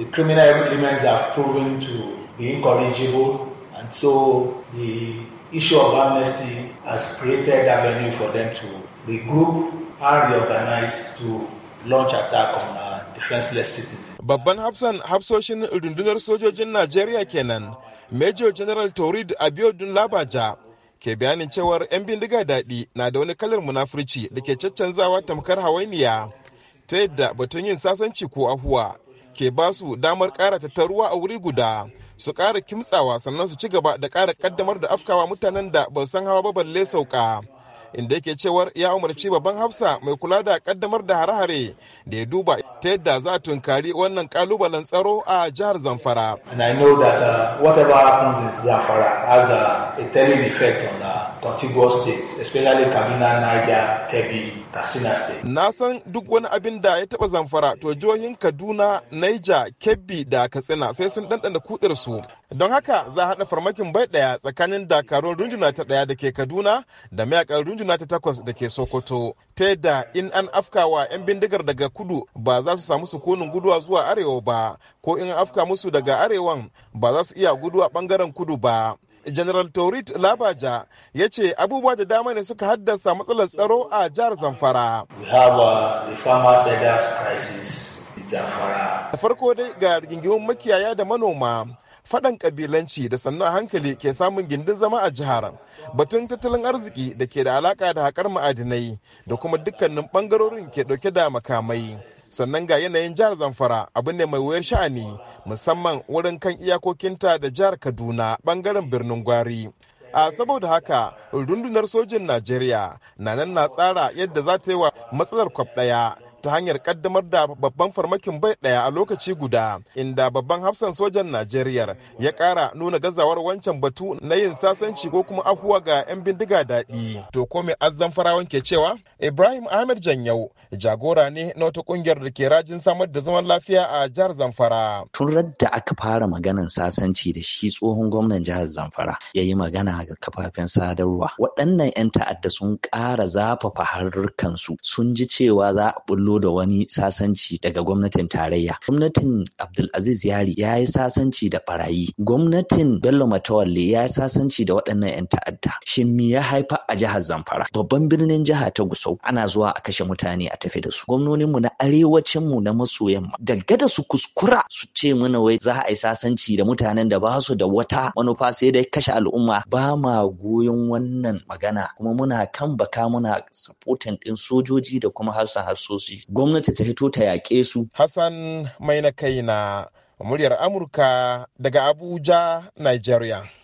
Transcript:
the criminal elements have proven to be incorrigible, and so the issue of amnesty has created avenue for them to regroup and reorganize to launch attack on a defenseless citizen. Babban hafsan hafsoshin rundunar sojojin Najeriya kenan, Major General Torid Abiodun Labaja ke bayanin cewar 'yan bindiga daɗi na da wani kalar munafurci da ke caccanzawa tamkar hawainiya ta yadda batun yin sasanci ko ahuwa ke ba su damar ƙara tattaruwa a wuri guda su ƙara kimtsawa sannan su ci gaba da ƙara ƙaddamar da afkawa mutanen da ba san hawa ba balle sauka inda yake cewar ya umarci babban hafsa mai kula da ƙaddamar da hare-hare da ya duba ta yadda za a tunkari wannan ƙalubalen tsaro a jihar zamfara. and i know that uh, whatever happens in zamfara has a, uh, a telling effect on uh, contiguous states especially kaduna niger kebbi katsina state na san duk wani abin da ya taba zamfara to jihohin kaduna niger kebbi da katsina sai sun ɗanɗana kudar su don haka za a haɗa farmakin bai ɗaya tsakanin dakarun runduna ta ɗaya da ke kaduna da mayakan runduna ta takwas da ke sokoto ta yadda in an afkawa 'yan bindigar daga kudu ba za su samu sukunin guduwa zuwa arewa ba ko in an afka musu daga arewan ba za su iya guduwa bangaren kudu ba general Torit labaja ya ce abubuwa da dama ne suka haddasa matsalar tsaro a jihar zamfara uh, da farko dai ga rigingimun makiyaya da manoma faɗan ƙabilanci da sannan hankali ke samun gindin zama a jihar batun tattalin arziki da ke da alaƙa da haƙar ma'adinai da kuma dukkanin ɓangarorin ke ɗauke da makamai sannan ga yanayin jihar zamfara abu ne mai wuyar sha'ani musamman wurin kan iyakokinta da jihar kaduna bangaren birnin gwari a saboda haka rundunar sojin najeriya na nan na tsara yadda za ta yi wa matsalar kwab daya ta hanyar kaddamar da babban farmakin bai daya a lokaci guda inda babban hafsan sojan najeriya ya kara nuna gazawar wancan batu na yin sasanci ko kuma afuwa ga 'yan bindiga daɗi to ko mai azan farawan ke cewa Ibrahim Ahmed Janyau jagora ne na wata kungiyar da ke rajin samar da zaman lafiya a jihar Zamfara. Tun da aka fara maganan sasanci da shi tsohon gwamnan jihar Zamfara ya yi magana ga kafafen sadarwa. Waɗannan 'yan ta'adda sun ƙara zafafa harkansu sun ji cewa za a bullo da wani sasanci daga gwamnatin tarayya. Gwamnatin Abdulaziz Yari ya yi sasanci da barayi. Gwamnatin Bello Matawalle ya yi sasanci da waɗannan 'yan ta'adda. Shin me ya haifa a jihar Zamfara? Babban birnin jiha ta Gusau sau ana zuwa a kashe mutane a tafi da su gwamnoninmu na mu na maso yamma da su kuskura su ce mana wai za a yi sasanci da mutanen da ba su da wata manufa sai dai kashe al'umma ba ma goyon wannan magana kuma muna kan baka muna supporting din sojoji da kuma harsan harsoshi gwamnati ta hito ta yaƙe su hassan mai na kai na muryar amurka daga abuja nigeria